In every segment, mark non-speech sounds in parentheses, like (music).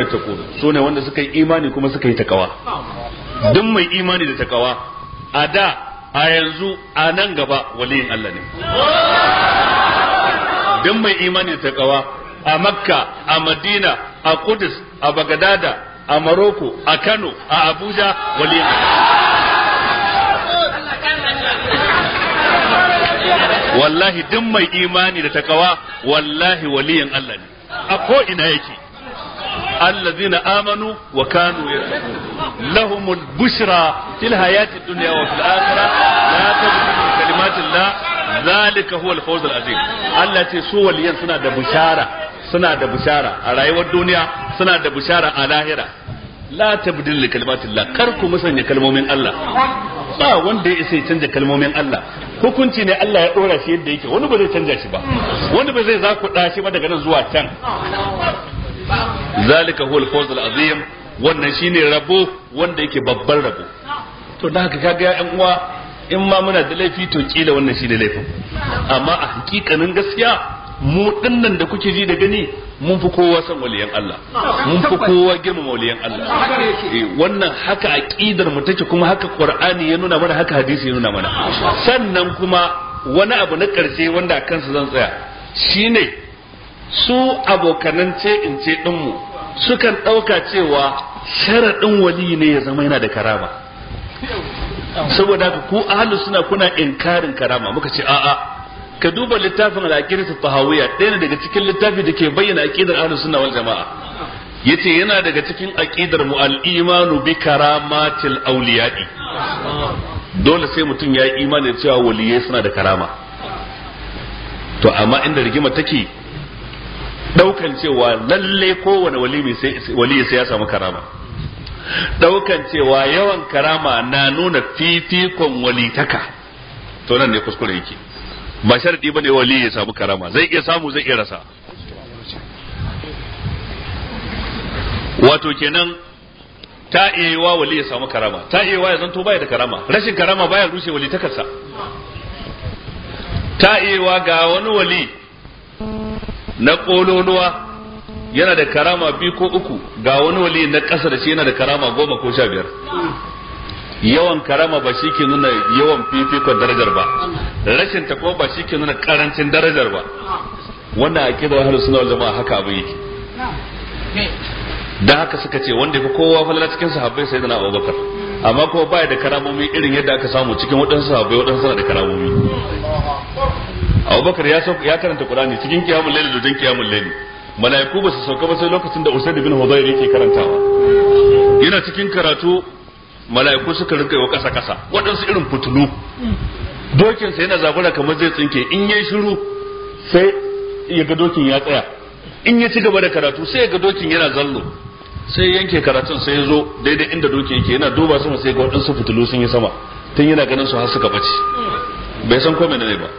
yattaqun sune wanda suka yi imani kuma suka yi takawa duk mai imani da takawa a da a yanzu a nan gaba waliyin Allah ne duk mai imani da takawa a makka a madina a kudus a bagadada a maroko a kano a abuja waliyin wallahi duk mai imani da takawa wallahi waliyin Allah ne a ko ina yake allazina amanu wa kanu yattaqun lahumul bushra Allah ce su waliyan suna da a rayuwar duniya suna da a lahira la tabdil li ba wanda ya isa ya kalmomin Allah hukunci ne Allah ya dora shi yadda yake wani ba zai canja shi ba wani ba zai zaku ɗa shi ba daga nan zuwa can zalika huwal fawz al azim wannan shine rabo wanda yake babban rabo to dan haka kaga yan uwa in ma muna da laifi to kila wannan shine laifin amma a hakikanin gaskiya mu dinnan da kuke ji da gani mun fi kowa san waliyan Allah mun fi kowa girmama waliyan Allah eh, wannan haka aqidar mu take kuma haka Qur'ani ya nuna mana haka hadisi ya nuna mana sannan kuma wani abu na karshe wanda kansa zan tsaya shine su abokanan ce in ce ɗinmu sukan ɗauka cewa sharaɗin wali ne ya zama yana da karama saboda ku ahalu suna kuna inkarin karama muka ce a'a ka duba littafin al'aqidatu tahawiyya ɗaya daga cikin littafi da ke bayyana aqidar ahlus sunna wal jama'a yace yana daga cikin aqidar mu al-imanu bi karamatil awliya'i dole sai mutum ya yi imani cewa waliyai suna da karama to amma inda rigima take daukan cewa lalle kowane wali sai ya samu karama daukan cewa yawan karama na nuna fifikon walitaka to nan ne kuskure yake ba sharadi bane wali ya samu karama zai iya samu zai iya rasa wato kenan ta iya wa wali ya samu karama ta iya wa ya zanto baya da karama rashin karama baya rushe walitakarsa ta ta iya wa ga wani wali na kololuwa yana da karama biyu ko uku ga wani wali na ƙasa da shi yana da karama goma ko sha biyar yawan karama ba shi ke nuna yawan fifikon darajar ba rashin ta ba shi ke nuna karancin darajar ba wannan da wahala suna wajen ma haka abu yake Da haka suka ce wanda ya kowa falala cikin sahabbai sai da Abubakar amma kuma baya da karamomi irin yadda aka samu cikin waɗansu sahabbai waɗansu suna da karamomi abubakar ya karanta qur'ani cikin kiyamul layli da wajen kiyamul layli mala'iku ba su sauka ba sai lokacin da usaid bin hudayr yake karantawa yana cikin karatu mala'iku suka rinka yi kasa kasa waɗansu irin fitulu dokin sa yana zagura kamar zai tsinke in yayi shiru sai ya ga dokin ya tsaya in ya ci gaba da karatu sai ya ga dokin yana zallo sai yanke karatun sai ya zo daidai inda dokin yake yana duba sama sai ga waɗansu fitulu sun yi sama tun yana ganin su har suka bace bai san komai ne ba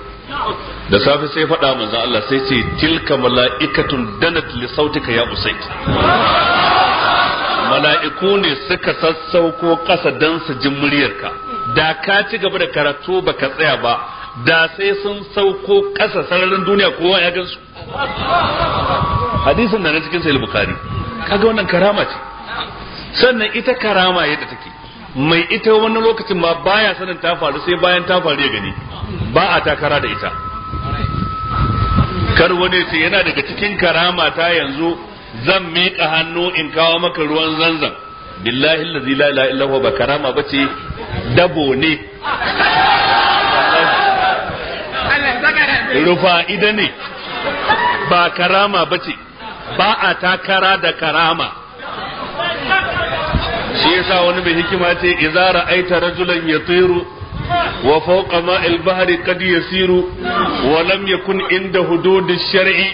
da safe sai faɗa manzan Allah sai ce tilka mala'ikatun danat li sautika ya usaid mala'iku ne suka sassauko ƙasa don su jin muryarka da ka ci gaba da karatu baka tsaya ba da sai sun sauko ƙasa sararin duniya kowa ya gansu hadisin na cikin sai bukhari kaga wannan karama ce sannan ita karama yadda take mai ita wani lokacin ma baya sanin ta faru sai bayan ta faru ya gani ba a takara da ita kar wani sai yana daga cikin karama ta yanzu zan miƙa hannu in kawo maka ruwan zanzan billahi allazi la ilaha illa ba karama bace dabo ne rufa ida ne ba karama bace ba a takara da karama shi yasa wani mai hikima ce idza ra'aita rajulan yatiru wa fawqa ma'il bahri qad yasiru wa lam yakun inda hudud ash-shar'i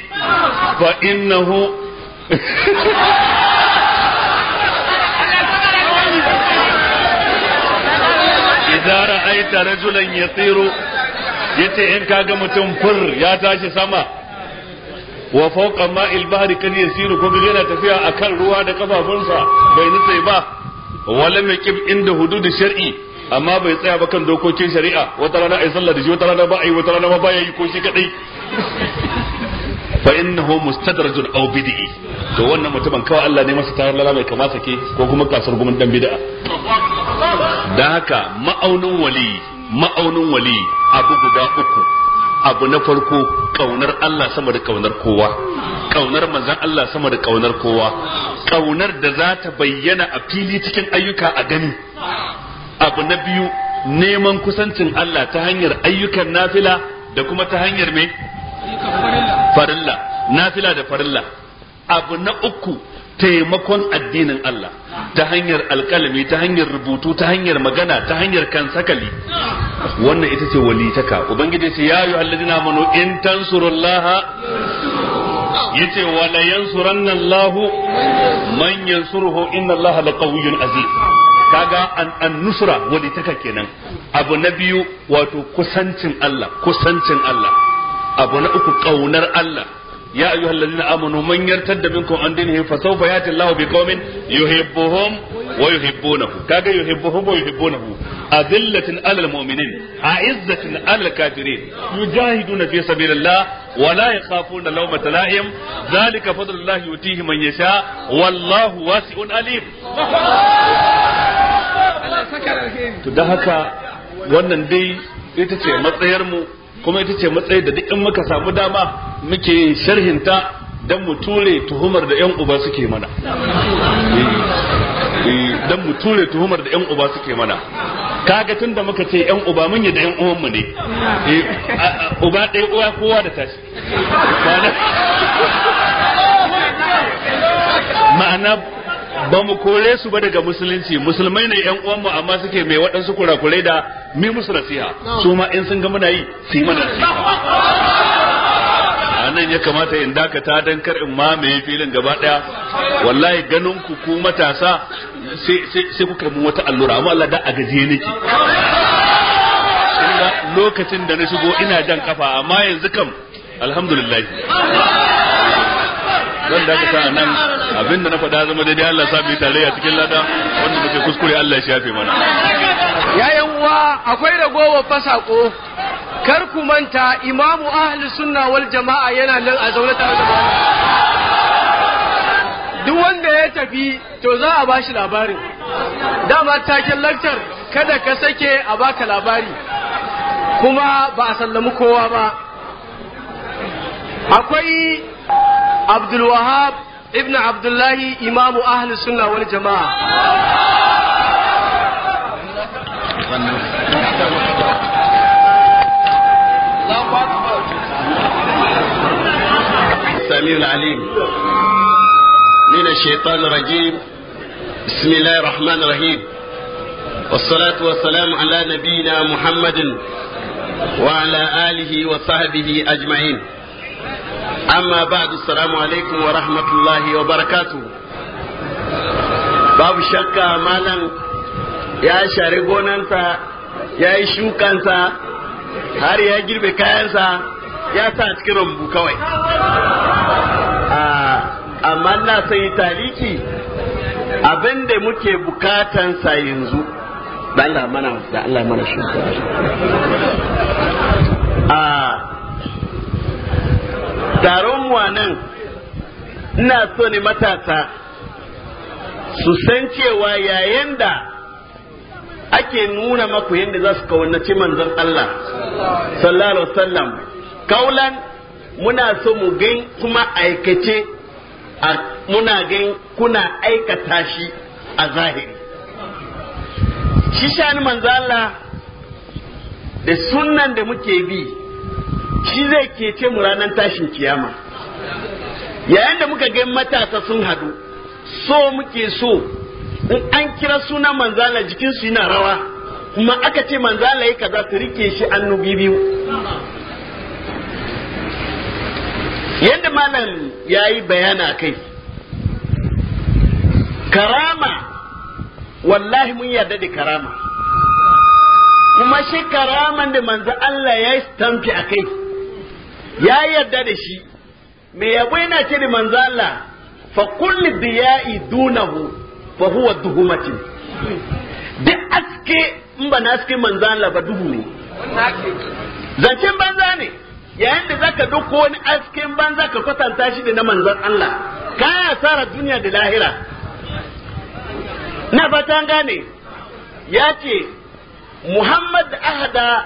fa innahu (laughs) idza ra'aita rajulan yatiru yace in kaga mutum fur ya tashi sama wa fawqa ma'il bahri kad yasiru ko yana tafiya akan ruwa da kafafunsa bai nutse ba walam yaqib inda hudud shar'i amma bai tsaya ba kan dokokin shari'a wata rana ai sallah da shi wata rana ba ai wata rana ma ba yayi ko shi kadai fa innahu mustadrajun aw bid'i to wannan mutumin kawai Allah ne masa tarlala mai kama sake ko kuma kasar gumin dan bid'a dan haka ma'aunin wali ma'aunin wali abu guda uku abu na farko kaunar Allah sama da kaunar kowa kaunar manzan Allah sama da kaunar kowa kaunar da za ta bayyana a fili cikin ayyuka a gani abu na biyu neman kusancin Allah ta hanyar ayyukan nafila da kuma ta hanyar mai farilla nafila da farilla abu na uku taimakon addinin Allah ta hanyar alkalami ta hanyar rubutu ta hanyar magana ta hanyar kansakali wannan ita ce walitaka ubangiji ce ya yi alladina manu in tansurullaha yace wala yansuranna Allah man yansuruhu inna Allah laqawiyyun aziz kaga an an-nusra walitaka kenan abu na biyu wato kusancin Allah kusancin Allah abu na uku kaunar Allah ya ayyuhal ladzina amanu man yartadda minkum an dinihi fa sawfa yati Allahu biqaumin yuhibbuhum wa yuhibbunahu kaga yuhibbuhum wa yuhibbunahu adillatin alal mu'minin a'izzatin alal kafirin yujahiduna fi sabilillah wa la yakhafuna lawmata la'im dhalika fadlullahi yutihi man yasha wallahu wasi'un alim to da haka wannan dai ita ce matsayar mu kuma ita ce matsayi da duk in muka samu dama muke sharhinta dan mu ture tuhumar da yan uba suke mana eh, eh, dan mu ture tuhumar da yan uba suke mana kaga tunda muka ce yan uba mun yi da yan uwan mu ne eh, uba ɗaya uwa kowa da tashi ma'ana ba mu kore su ba daga musulunci musulmai ne yan uwanmu amma suke mai waɗansu kurakurai da mi musu nasiha su ma in sun ga muna yi su yi mana nasiha nan ya kamata in dakata dan kar in ma mai filin gaba ɗaya. wallahi ganin ku ku matasa sai kuka mun wata allura amma Allah da a gajiye nake lokacin da na shigo ina jan kafa amma yanzu kam alhamdulillah zan dakata nan abinda na faɗa zama daidai Allah sa tare tarayya cikin lada wanda muke kuskure Allah ya shafe mana yayin uwa akwai ragowar fasako kar ku manta imamu ahli sunna wal jama'a yana nan a zaune tare da duk wanda ya tafi to za a bashi labarin dama taken laktar kada ka sake a baka labari kuma ba a sallamu kowa ba akwai عبد الوهاب ابن عبد الله إمام أهل السنة والجماعة السميع العليم من الشيطان الرجيم بسم الله الرحمن الرحيم والصلاة والسلام على نبينا محمد وعلى آله وصحبه أجمعين amma ba'du assalamu alaikum wa rahmatullahi wa barakatuh babu shakka malam ya share gonansa ya yi shukansa har ya girbe kayansa ya sa cikin rumbu kawai ah, amma na sai taliki abin da muke bukatansa yanzu da Allah mana ah, taron nan ina so ne matasa su san cewa yayin da ake nuna maku yadda za su kawunaci manzon Allah sallallahu sallam. wasallam kaulan muna so mu gan kuma aikace muna gan kuna aikata shi a zahiri shi shani manzon Allah da sunan da muke bi shi zai kece mu ranar tashin kiyama yayin da muka ga matasa sun hadu so muke so in an kira suna manzala jikinsu yana rawa kuma aka ce manzala ya kaza su rike shi annubi biyu yadda malam ya yi bayana kai karama wallahi mun yarda da karama kuma shi karaman da manzo Allah ya yi stamfi a kai ya yarda da shi me yabo yana ce da manzo Allah fa kulli diya'i dunahu fa huwa duhumati duk aske in ba na aske manzo Allah ba duhu ne zancen banza ne yayin da zaka dauko wani asken banza ka kwatanta shi da na manzan Allah kaya sara duniya da lahira na fata gane ya ce Muhammad ahada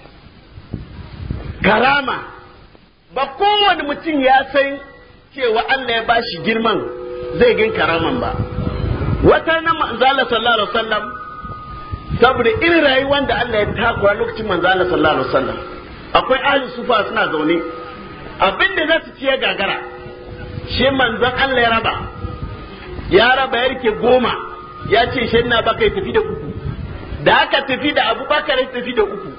karama ba kowane mutum ya san cewa Allah ya bashi girman zai gan karaman ba wata na manzala sallallahu alaihi wasallam saboda irin rayuwar da Allah ya takura lokacin manzala sallallahu alaihi wasallam akwai ahli sufa suna zaune abinda za su ciye gagara shi manzon Allah ya raba ya raba ya rike goma ya ce shi na baka tafi da uku da aka tafi da abubakar ya tafi da uku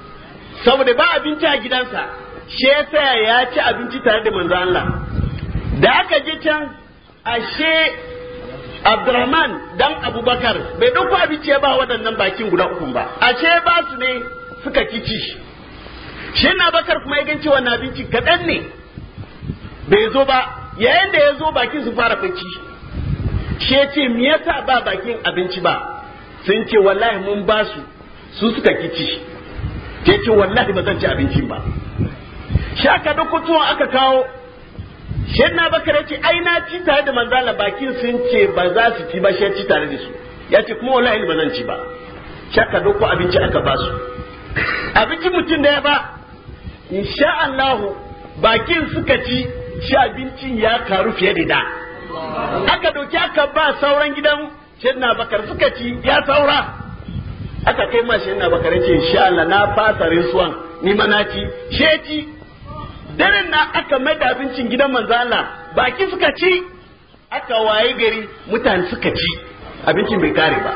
saboda ba abinci a gidansa shi yasa ya ci abinci tare da manzo Allah da aka je can ashe Abdurrahman dan Abubakar bai dauko abinci ya ba waɗannan bakin guda uku ba ashe ba su ne suka kici shi na bakar kuma ya ganci wannan abinci kaɗan ne bai zo ba yayin da ya zo bakin su fara bacci shi ya ce me yasa ba bakin abinci ba sun ce wallahi mun ba su su suka kici ke ce wallahi ba zan ci abinci ba shi aka duk kutuwa aka kawo shi na bakar ce ai na ci tare da manzala bakin sun ce ba za su ci ba shi ci tare da su ya ce kuma wallahi ba zan ci ba shi aka duk abinci aka ba su abinci mutum da ya ba insha Allah bakin suka ci shi abincin ya karu fiye da da aka doki aka ba sauran gidan shi na bakar suka ci ya saura aka kai mashi yana bakare ce insha Allah na fasa rinsuwan ni ma na ci ci. daren na aka mai da abincin gidan manzala baki suka ci aka waye gari mutane suka ci abincin bai kare ba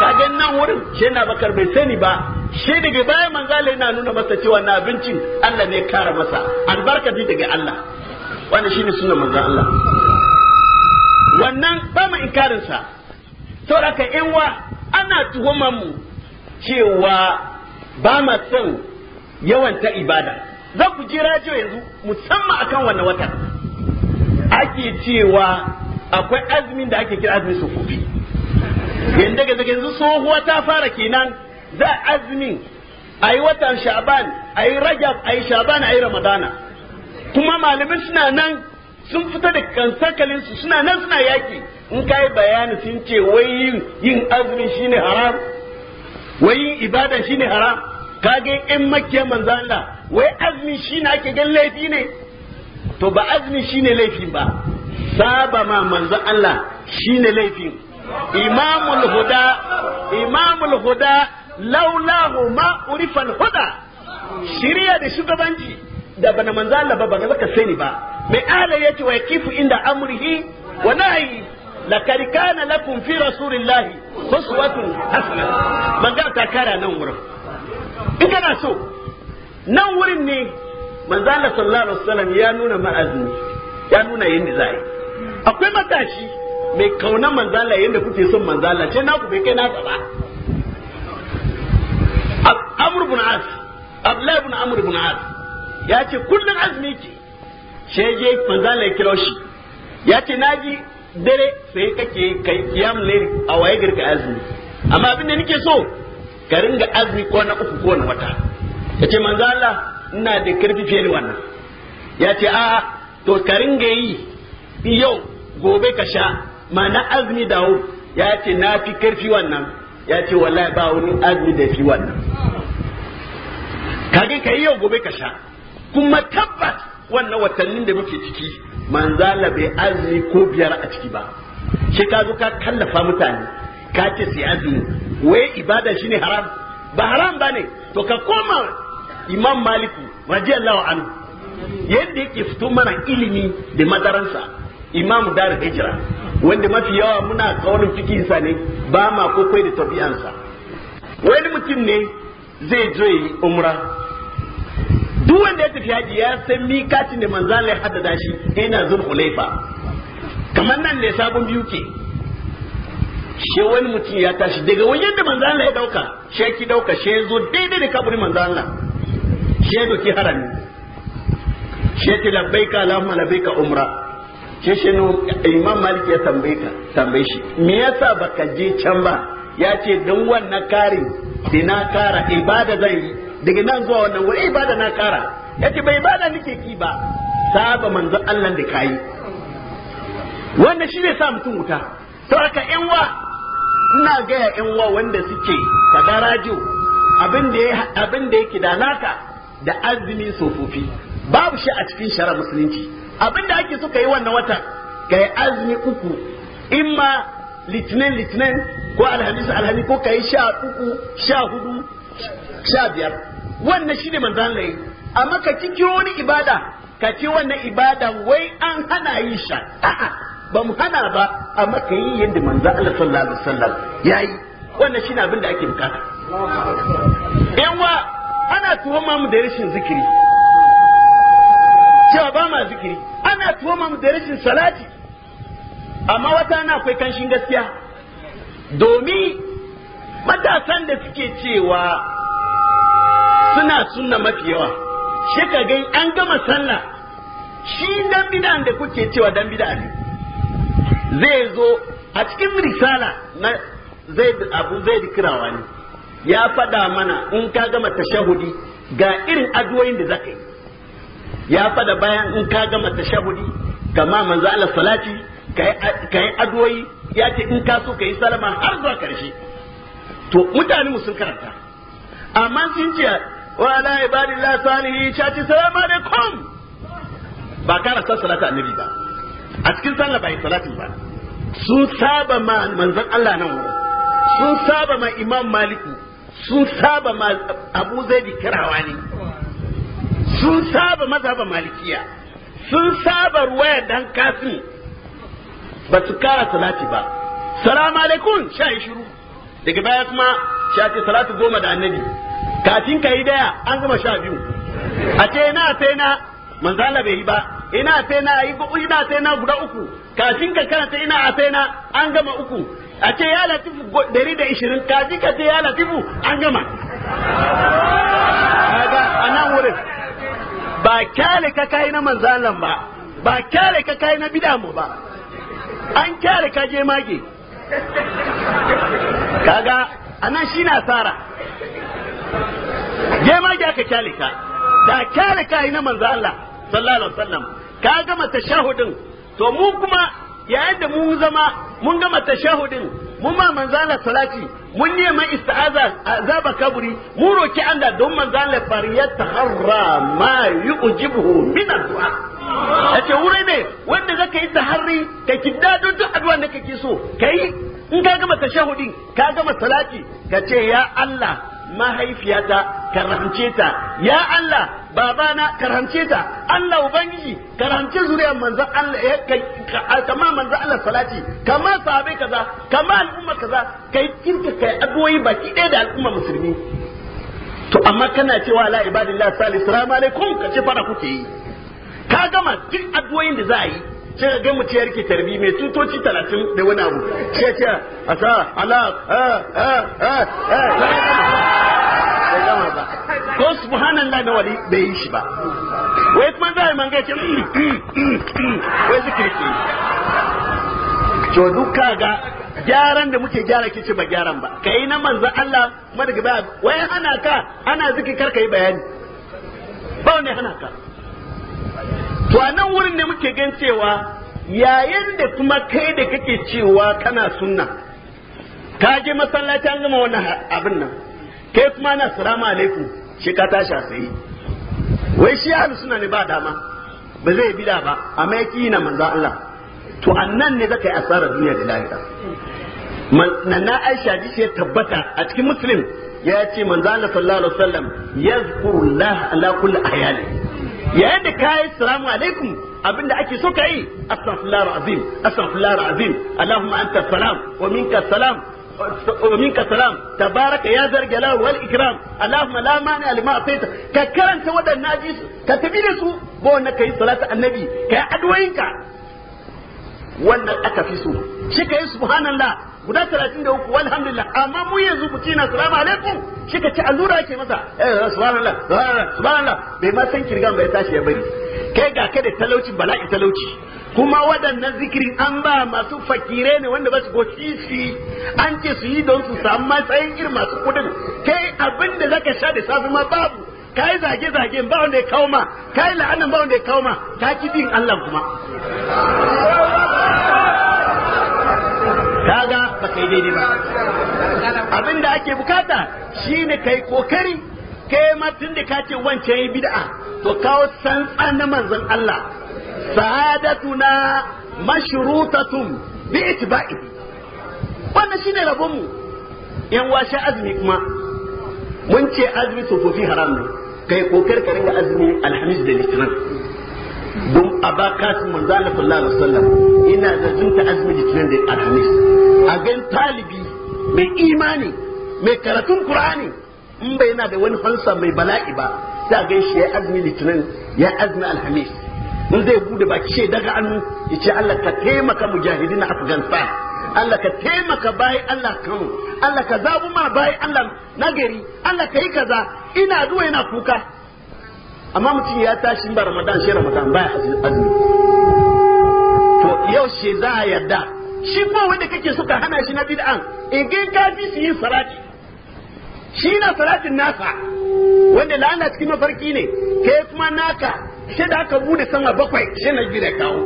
kaga nan wurin shi yana bakar bai sani ba shi daga baya Allah yana nuna masa cewa na abincin Allah ne kara masa albarka daga Allah wannan shine sunan manzo Allah wannan ba mu inkarin sa sauraka yanwa ana tuhumar mu cewa ba ma son yawan ta ibada za ku ji rajiyo yanzu musamman akan wannan wata ake cewa akwai azumin da ake kira azumin sufufi yanda daga yanzu tsohuwa ta fara kenan za azumin a yi watan sha'ban a yi rajab a yi sha'ban a yi ramadana kuma malamin suna nan sun fita da kansakalin su suna nan suna yaki in kai bayani sun ce wai yin azumi shine haram wai ibada shine haram kage in makiya manzo Allah wai azumi shine ake gan laifi ne to ba azumi shine laifi ba saba ma manzo Allah shine laifin imamul huda imamul huda laulahu ma urifal huda shirya da shugabanci da bana manzo Allah ba ban zaka sani ba me ala yace wa yakifu inda amrihi wa nai lakad kana lakum fi rasulillahi uswatun hasana manga takara nan wurin in kana so nan wurin ne manzo Allah sallallahu alaihi wasallam ya nuna ma'azini ya nuna yanda zai akwai matashi mai kaunar manzala yadda kuke son manzala ce na ku bai kai nasa ba amur bin as abdullahi bin amur bin as ya ce kullum azumi ke sai je manzala ya kira shi ya ce naji dare sai kake kai kiyam lairi a waye girka azumi amma abin da nake so ka ringa azumi ko na uku ko na wata ya ce manzala ina da karfi fiye da wannan ya ce a to ka ringa yi yau gobe ka sha ma'ana azumi dawo ya ce na fi karfi wannan ya ce wallahi ba wani azumi da fi wannan kage ka yi yau gobe ka sha kuma tabbas wannan watannin da muke ciki manzala bai azumi ko biyar a ciki ba shi ka zo ka kallafa mutane ka ce sai azumi wai ibada shine haram ba haram ba to ka koma imam maliku radiyallahu anhu yadda yake fito mana ilimi da madaransa imam dar hijira wanda mafi yawa muna kaunin fikinsa ne ba ma kokwai da tabi'ansa wani mutum ne zai zo yi umra duk wanda ya tafi haji ya san mikatin da manzo Allah ya haddada shi ina zul hulaifa kamar nan ne sabon biyu ke she wani mutum ya tashi daga wajen da manzo Allah ya dauka she ki dauka she zo daidai da kaburi manzo Allah she doki harami she ta labbaika allahumma labbaika umra she she no imam malik ya tambaye ka tambaye shi me yasa baka je can ba ya ce dan wannan karin da na kara ibada zai? yi daga nan zuwa wannan wani ibada na kara yace bai ibada nake ki ba saba manzo Allah da kai wannan shi ne sa mutum wuta saboda yan wa ina gaya yan wa wanda suke kaga radio abin da abin da yake da naka da azumi sofofi babu shi a cikin shara musulunci abin da ake suka yi wannan watan kai azumi uku imma litinin litinin ko alhamis alhamis ko kai sha uku sha hudu sha biyar wannan shi ne manzan yi amma ka kiki wani ibada ka ci wannan ibada wai an hana yi sha a'a ba mu hana ba amma ka yi yadda manzan Allah sallallahu alaihi wasallam yi wannan ne abin da ake bukata Yanwa ana tuhuma mu da rashin zikiri cewa ba ma zikiri ana tuhuma mu da rashin salati amma wata na akwai kanshin gaskiya domin matasan da suke cewa suna sunna mafi yawa shi ka gai an gama sallah shi dan bid'a da kuke cewa dan bid'a ne zai zo a cikin risala na zai abu zai dikirawa ne ya fada mana in ka gama tashahudi ga irin addu'o'in da zaka ya fada bayan in ka gama tashahudi kama manzo Allah salati kai addu'o'i ya ce in ka so kai salama har zuwa karshe to mutane mu sun karanta amma sun ce وعلى ibadillah salihin cha ci salamu alaikum. ba san salatu annabi ba a cikin sallah bai salatin ba sun saba ma manzon Allah nan wurin sun saba ma imam maliki sun saba ma abu zaidi kirawa ne sun saba mazhaban malikiya sun saba ruwaya dan kasin ba su kara salati ba salamu alaikum sha shiru daga baya kuma sha ce salatu goma da annabi kafin ka yi daya an gama sha biyu a ce ina sai na manzala bai yi ba ina sai na yi ina sai na guda uku kafin ka karanta ina a sai na an gama uku a ce ya latifu dari da ishirin kafin ka ce ya latifu an gama kaga a nan wurin ba kyale ka kai na manzalan ba ba kyale ka kai na bidamu ba an kyale ka je mage kaga anan shi na tsara je ma da aka kyale ka da kyale ka na manzo Allah sallallahu alaihi wasallam ka gama tashahudin to mu kuma yayin da mu zama mun gama tashahudin mun ma manzo Allah salati mun neman isti'aza azaba kaburi mu roki anda don manzo Allah fariyat taharra ma yujibuhu min addu'a ace wurai ne wanda zaka yi taharri ka kidda don duk addu'a da kake so kai in ka gama tashahudin ka gama salati ka ce ya Allah mahaifiyata ka ta ya Allah babana ka ta Allah ubangiji ka rahamce zuriyar manzon Allah ya eh, kai kama manzon Allah salati kama sahabe kaza kama al'umma kaza kai kirka kai addu'o'i baki ɗaya da al'umma musulmi to amma kana cewa la ibadillah Salisu salamu alaikum ka ce fara kuke yi ka gama duk addu'o'in da za a yi sai ga mutum ya rike tarbi mai tutoci talatin da wani abu ce ce a sa ala a a a a ko subhanallah na wani bai yi shi ba wai kuma zai man gace mm, mm, mm, wai zikiri ke to duka ga gyaran da muke gyara kici ba gyaran ba kai na manzo Allah madaga ba wai ana ka ana zikir kar kai bayani ba wanda ana ka to a nan wurin da muke gan cewa yayin da kuma kai da kake cewa kana sunna ka je masallaci an gama wannan abin nan kai kuma na salamu alaikum shi ka tashi a wai shi ahlus sunna ne ba dama ba zai bida ba amma yi na manzo Allah to annan ne zaka yi asara duniya da lahira na Aisha ji ya tabbata a cikin muslim ya ce manzo Allah sallallahu alaihi wasallam Allah ala kulli ayali yayin da kayi salamu alaikum abinda ake so kayi. astaghfirullah alazim astaghfirullah alazim allahumma anta salam wa minka da su bo wannan kai annabi kai adwayinka wannan aka fi so shi yi subhanallah guda talatin da uku alhamdulillah amma mu yanzu ku ci na alaikum shi ka ci allura ke masa eh, subhanallah subhanallah bai ma san kirgan bai tashi ya bari kai ga ka da talauci bala'i talauci kuma waɗannan zikirin an ba masu fakire ne wanda ba su goci shi an ce su yi don su samu matsayin irin masu kudin kai abin da zaka sha da safi ma babu kai zage zage ba wanda ya kawo ma kai la'anan ba wanda ya kawo ma ta ki din Allah kuma kaga ba kai daidai ba abin da ake bukata shine kai kokari kai ma tun da kace wancan yi bid'a to kawo santsan na manzon Allah sa'adatuna mashrutatun bi itba'i wannan shine rabon mu yan washe azumi kuma mun ce azumi tsofaffi haram ne kai kokar ka ringa azumi alhamis da litinin don aba kasim manzo Allah sallallahu alaihi wasallam ina zazunta azumi litinin da alhamis a gan talibi mai imani mai karatun qur'ani in bai yana da wani fansa mai bala'i ba sai a gan shi ya azumi litinin ya azumi alhamis in zai bude ba ce daga annu ya ce Allah ka taimaka mujahidin afghanistan Allah ka taimaka bayan Allah kanu Allah ka zabu ma bayan Allah nagari Allah ka yi kaza ina zuwa ina kuka amma mutum ya tashi ba ramadan shi ramadan ba ya azumi to yau shi za a yarda shi ko wanda kake suka hana shi na bid'an ka kafi su yin salati shi na salatin nasa wanda la'ana cikin mafarki ne Ke kuma naka shi da aka bude sama bakwai shi na gida kawo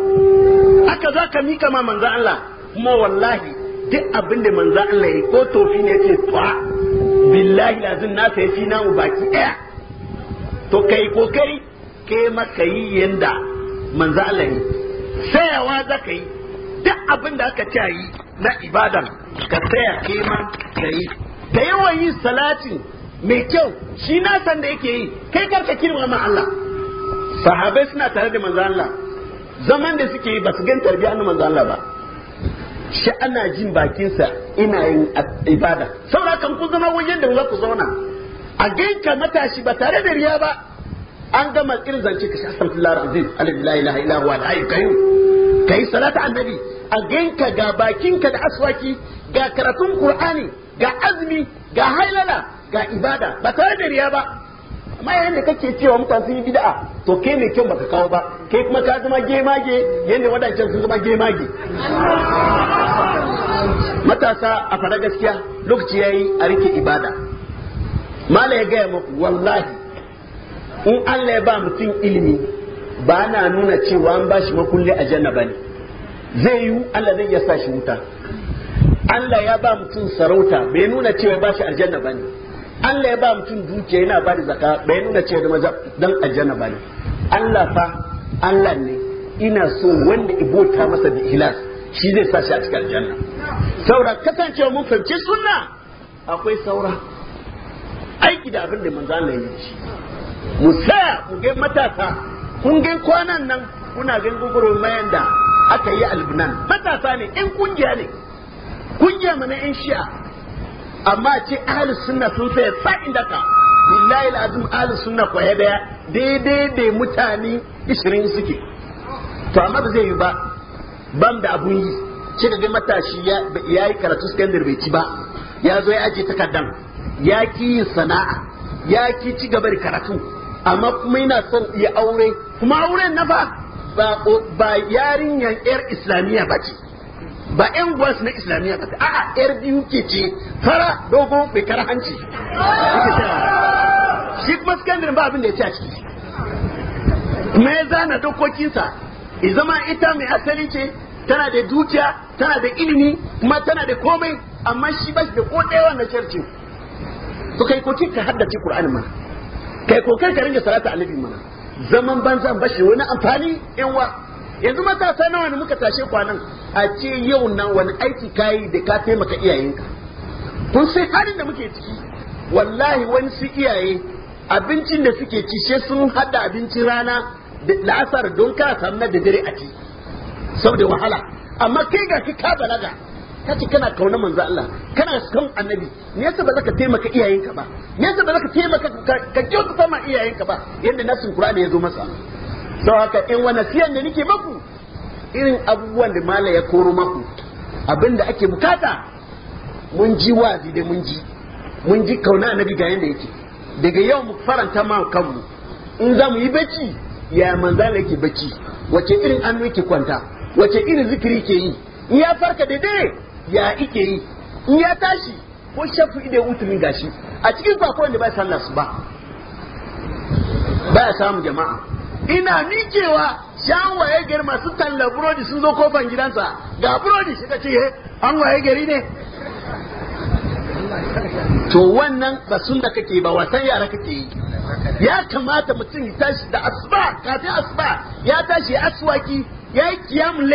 aka za ka mika ma manzo Allah kuma wallahi duk abin da manzo Allah ya ko tofi ne ce to billahi lazin nasa ya fi namu baki daya to kai kokari ke maka yi yanda manzo Allah yi sayawa za ka yi duk abin da aka tayi na ibadan ka saya ke ma ka yi da yawan yin salatin mai kyau shi na san da yake yi kai karka kirma ma Allah sahabai suna tare da manzo Allah zaman da suke yi ba su gan tarbiya na manzo Allah ba shi ana jin bakinsa ina yin ibada saboda kan ku zama wajen da za ku zauna a ganka matashi ba tare da riya ba an gama irin zance ka shasar filar aziz alif la ilaha wa huwa al ka yi salata annabi a ganka ga bakinka da aswaki ga karatun qur'ani ga azmi ga hailala ga ibada ba tare da riya ba amma yayin da kake cewa mutane sun yi bid'a to ke ne ba baka kawo ba kai kuma ka zama gemage yadda wadancan sun zama gemage matasa a fara gaskiya lokaci yayi a rike ibada mala ya gaya muku wallahi in Allah ya ba mutum ilimi ba na nuna cewa an ba shi makulli a janna ba ne zai yi Allah zai iya sa shi wuta Allah ya ba mutum sarauta bai nuna cewa ba shi aljanna ba ne Allah ya ba mutum dukiya yana ba da zaka bai nuna cewa da maza dan aljanna ba ne Allah fa Allah ne ina so wanda ibota masa da ikhlas shi zai sa shi a cikin aljanna saura kasancewa mun fahimci sunna akwai saura aiki da abin da manzo Allah ya ci mu saya mu ga matasa kun ga kwanan nan kuna ga gugurun mayan da aka yi albinan matasa ne in kungiya ne kungiya mana in shi'a amma ce ahlus sunna sun saya sa'in daka billahi alazim ahlus sunna ko daya daidai da mutane 20 suke to amma ba zai yi ba ban da abun yi ce da matashi ya yi karatu sakandare bai ci ba ya zo ya aje takardan ya ki yin sana'a ya ki ci gaba da karatu amma kuma yana son ya aure kuma auren na ba ba yarinyan yar islamiyya ba ce ba yan gwas na islamiyya ba a'a yar biyu ke ce fara dogo mai kara hanci shi kuma ba abin da ya ci a ciki kuma ya zana dokokinsa izama ita mai asali ce tana da dukiya tana da ilimi kuma tana da komai amma shi ba shi da ko ɗaya wannan to kai ka haddace qur'ani mana kai kokin ka ringa salata annabi mana zaman banzan bashi wani amfani in wa yanzu matasa nawa ne muka tashe kwanan a ce yau nan wani aiki kayi da ka taimaka iyayenka kun sai halin da muke ciki wallahi wani su iyaye abincin da suke ci sai sun hada abincin rana da la'asar don ka samu da dare a ci saboda wahala amma kai ga ka balaga kace kana kauna manzo Allah kana son annabi me yasa ba zaka taimaka iyayenka ba me yasa ba zaka taimaka ka kyautu sama iyayenka ba yanda nasin Qur'ani ya zo masa don haka in wa nasiyan da nake maku irin abubuwan da mala ya koro maku abinda ake bukata mun ji wazi da mun ji mun ji kauna annabi ga yanda yake daga yau mu faranta ma kanmu in za mu yi bacci ya Allah yake bacci wace irin annu yake kwanta wace irin zikiri ke yi in ya farka daidai ya ike yi in ya tashi ko shafi da wutumin gashi a cikin bakon da ba sallah su ba ya samu jama'a ina miƙewa shan waye gari masu tallar burodi sun zo kofan gidansa ga burodi shi ka ce eh, an waye gari ne to wannan ba da kake ba wasan yara kake yi ya kamata mutum ya tashi da asuba kafin asuba ya tashi ya aswaki ya yi kiyamun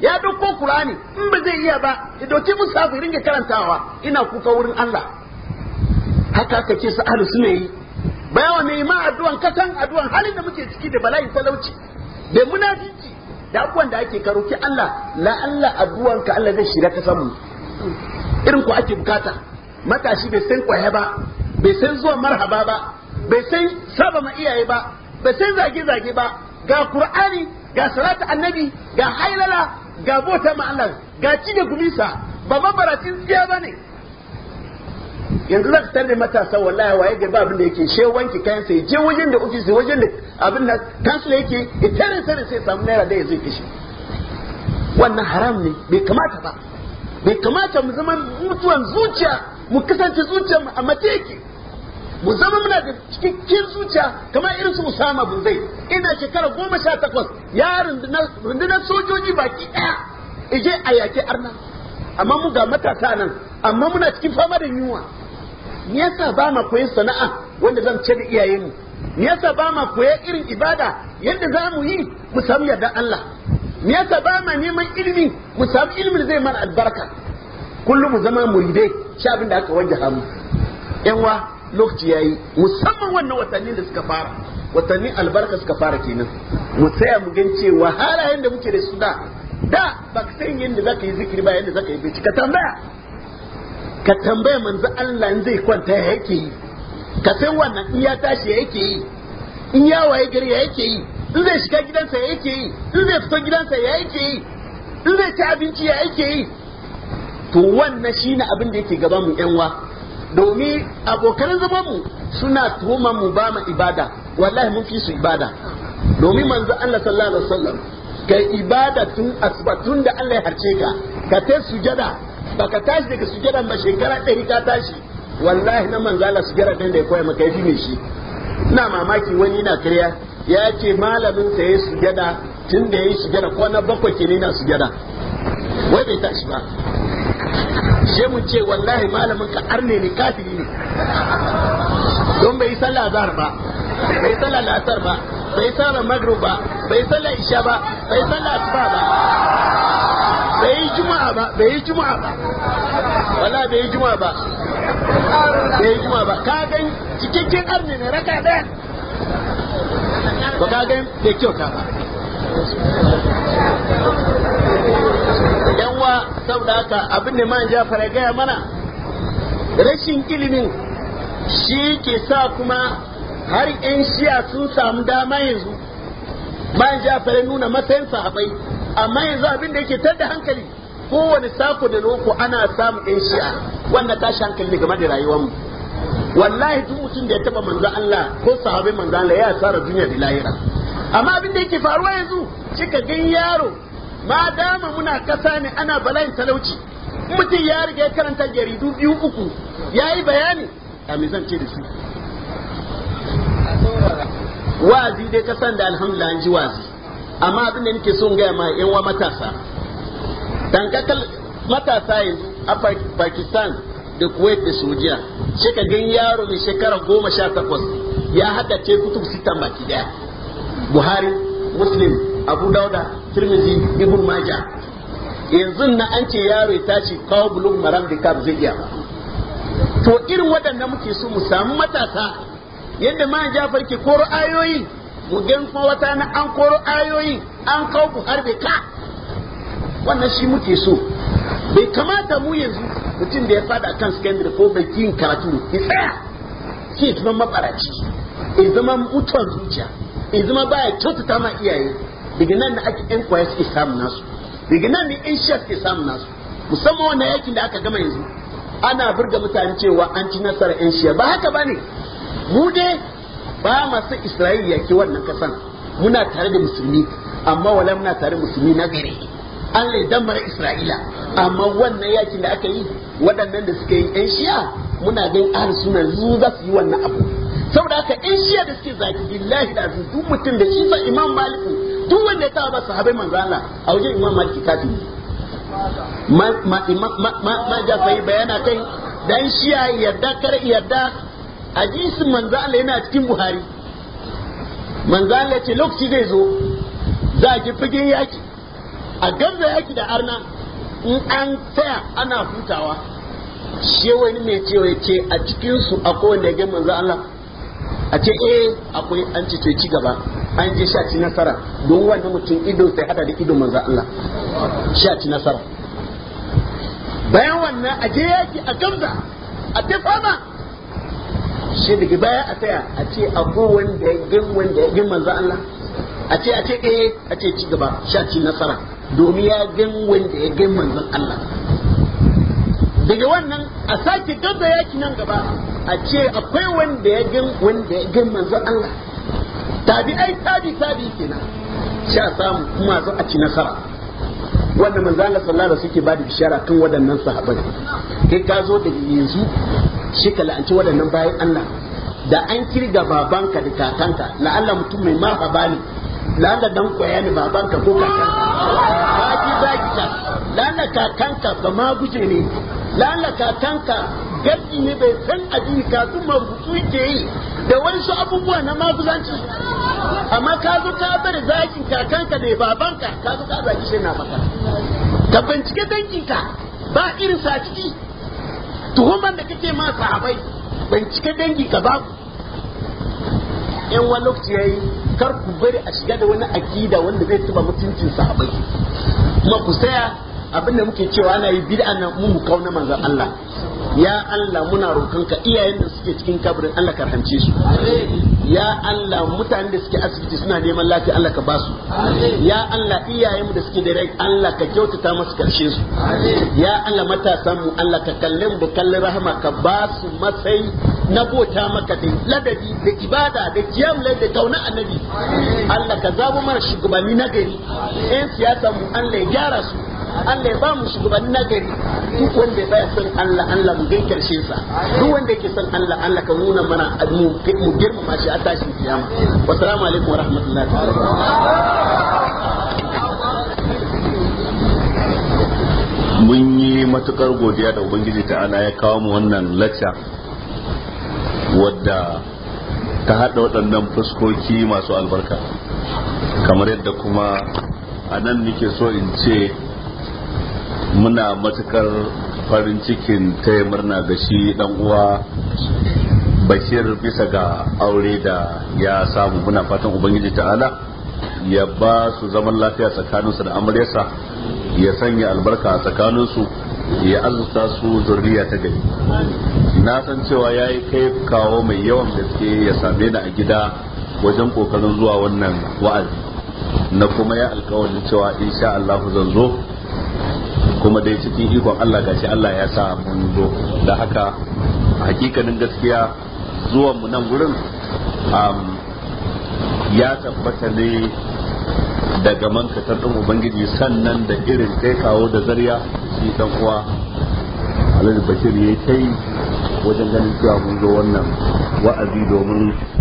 ya dauko kur'ani in ba zai iya ba ya dauki musafi ringa karantawa ina kuka wurin Allah haka kake su ahlus suna yi bayawa mai ma addu'an kasan addu'an halin da muke ciki da bala'in talauci da munafiki da abubuwan da ake karoki Allah la addu'an ka Allah zai shiga ta samu. irin ku ake bukata matashi bai san kwaye ba bai san zuwa marhaba ba bai san saba ma iyaye ba bai san zage-zage ba ga qur'ani ga salatu annabi ga hailala ga bota ma Allah ga ci gumisa ba mabaracin tsiya ba ne yanzu zaka tarbe matasa wallahi waye ga babin abin da yake she wanki kayan sai je wajen da ofisi wajen da abin da kansula yake itare sare sai samu naira da yazo kishi wannan haram ne bai kamata ba bai kamata mu zama mutuwan zuciya mu kasance zuciyar mu a mace yake mu zama muna da cikakken zuciya kamar irin su Usama bin Zaid ina shekara goma sha takwas ya rundunar sojoji baki ɗaya ije a yaƙi arna amma mu ga matasa nan amma muna cikin fama da yunwa me yasa ba ma koyi sana'a wanda zan ce da iyayenmu me yasa ba ma koyi irin ibada yadda za mu yi mu samu yarda Allah me yasa ba ma neman ilimi mu samu ilimin zai mana albarka kullum mu zama muridai shi abin da aka wajaha mu yanwa lokaci ya yi musamman wannan watannin da suka fara Watanni albarka suka fara kenan mu tsaya mu gan cewa halayen da muke da su da da ba ka san yadda ka yi zikiri ba yadda ka yi bici ka tambaya ka tambaya manzo Allah in zai kwanta ya yake yi ka san wannan in ya tashi ya yake yi in ya waye gari ya yake yi in zai shiga gidansa ya yake yi in zai fito gidansa ya yake yi in zai ci abinci ya yake yi to wannan shine abin da yake gaba mu yan domin abokan zaman mu suna tuhuma mu ba mu ibada wallahi mun fi su ibada domin manzo Allah sallallahu alaihi wasallam kai ibada tun asuba tun da Allah ya harce ka ka ta sujada baka tashi daga sujadan ba shekara ɗari ka tashi wallahi na manzo Allah sujada din da ya koya maka yafi ne shi ina mamaki wani na kariya ya ce malamin sa ya sujada tun da ya yi sujada ko na bakwai kenan na sujada wai bai tashi ba sai mu ce wallahi malamin ka arne ne kafiri ne don bai sallah azhar ba bai sallah lasar ba bai sallah maghrib ba bai sallah isha ba bai sallah asuba ba bai yi juma'a ba bai yi juma'a ba wallahi bai yi juma'a ba bai yi juma'a ba ka gan cikakken arne ne raka da ba ka gan bai kyauta ba saboda haka abin da man jafar gaya mana rashin ilimin shi ke sa kuma har yan shiya sun samu dama yanzu man jafar nuna matsayin sahabai amma yanzu abin da yake tada hankali kowane sako da loko ana samun yan shiya, wanda tashi hankali game da rayuwar rayuwarmu wallahi duk mutum da ya taba manzo Allah ko sahabai manzo Allah ya tsara duniya da lahira amma abin da yake faruwa yanzu kika gan yaro ma dama muna kasa ne ana bala'in talauci mutum ya riga ya karanta jaridu biyu uku ya yi bayani a zan da su wa'azi dai kasan da alhamdulillah an ji wa'azi amma abin da nake son gaya ma yan wa matasa dan kakal matasa yanzu a Pakistan da Kuwait da Saudiya sai yaro mai shekara goma sha takwas ya haɗa ce kutub sitan baki daya Buhari Muslim abu dauda tirmizi ibn maja yanzu na an ce yaro ya tashi kawo bulun maram da kab zai iya to irin waɗanda muke so mu samu matasa yadda ma ja farke koro ayoyi mu gan kuma wata na an koro ayoyi an kawo ku harbe ka wannan shi muke so bai kamata mu yanzu mutum da ya fada kan secondary ko bai kin karatu ya tsaya sai zama mabaraci ya zama mutuwan zuciya ya zama baya kyautata ma iyaye daga nan da ake yan kwaya suke samun nasu daga nan ne yan suke samun nasu musamman wannan yakin da aka gama yanzu ana burga mutane cewa an ci nasara yan shiya ba haka ba ne mu dai ba masu isra'ila yake wannan kasan muna tare da musulmi amma wala muna tare da musulmi na gari an laidan mara isra'ila amma wannan yakin da aka yi waɗannan da suka yi yan shiya muna gan ahli suna zu za su yi wannan abu saboda haka yan shiya da suke zaki billahi da duk mutum da shi sa imam maliku duk wanda ya kawo masa sahabai manzo Allah a wajen imam maliki kafi ma ma ma ma jafai bayana kai dan shiya yarda kar yadda hadisin manzo Allah yana cikin Buhari manzo Allah ce lokaci zai zo za ki fige yaki a garza yaki da arna in an tsaya ana hutawa Shewani mai cewa ce a cikin su akwai wanda ya ga manzo Allah a ce eh akwai an ce ci gaba an je sha ci nasara don wanda mutum ido sai hada da ido manzo Allah sha ci nasara bayan wannan a je yaki a gamza a ta fama shi daga baya a taya a ce akwai wanda ya gin wanda ya gin manzo Allah a ce a ce eh a ce ci gaba sha ci nasara domin ya gin wanda ya gin manzo Allah daga wannan a sake gaba yaki nan gaba a ce akwai wanda ya gan wanda ya gan manzo Allah tabi ai tabi tabi kenan sha samu kuma zo a ci nasara wanda manzo Allah sallallahu alaihi suke ba da bishara kan waɗannan sahabbai kai ka zo da yanzu shi ka la'anci waɗannan bayan Allah da an kirga babanka da kakanka Allah mutum mai marhaba ne la'alla dan koya ne babanka ko kakanka ba ki ta. La la'alla kakanka ba ma guje ne la'alla kakanka gardi ne bai san addini kafin marubutu yake yi da wasu abubuwa na mafuzanci. amma ka zo ka bar zakin kakanka da babanka ka zo ka zaki shi na maka ka bincike danginka ba irin sa ciki tuhuman da kake ma sahabai bincike danginka ba yan wani lokaci yayi kar ku bari a shiga da wani akida wanda zai tuba mutuncin sahabai kuma ku saya abin da muke cewa ana yi bid'a na mu kauna manzon Allah ya Allah muna roƙonka iyayen da suke cikin kabarin Allah ka rahance su ya Allah mutanen da suke asibiti suna neman lafiya Allah ka basu ya Allah iyayen da suke da rai Allah ka kyautata masu karshe su ya Allah matasan mu Allah ka kalle mu da kallon rahama ka basu matsayi na bota maka da ladabi da ibada da kiyamle da kauna annabi Allah ka zabo mana shugabanni na gari 'yan siyasa mu Allah ya gyara su Allah ya ba mu shugaban nagari duk wanda ya son Allah Allah mu gai karshe sa duk wanda yake son Allah Allah ka nuna mana mu girmama shi a tashin kiyama salamu alaikum wa rahmatullahi mun yi matukar godiya da ubangiji ta'ala ya kawo mu wannan lacca wadda ta haɗa waɗannan fuskoki masu albarka kamar yadda kuma a nan nike so in ce muna matukar farin cikin taya murna da shi dan uwa bashir bisa ga aure da ya samu muna fatan ubangiji ta'ala ya ba su zaman lafiya tsakaninsu da amaryarsa ya sanya albarka a tsakaninsu ya azurta su zurriya ta gari na san cewa ya yi kai kawo mai yawan gaske ya same ni a gida wajen kokarin zuwa wannan wa'azi na kuma ya alkawarin cewa insha Allah zan zo kuma dai cikin ikon Allah gashi Allah ya sa mun zo da haka hakikanin gaskiya zuwan mu nan gurin ya tabbata ne daga mankatar ɗin ubangiji sannan da irin kai kawo da zarya shi dan uwa alhaji bashir ya yi wajen ganin cewa mun zo wannan wa'azi domin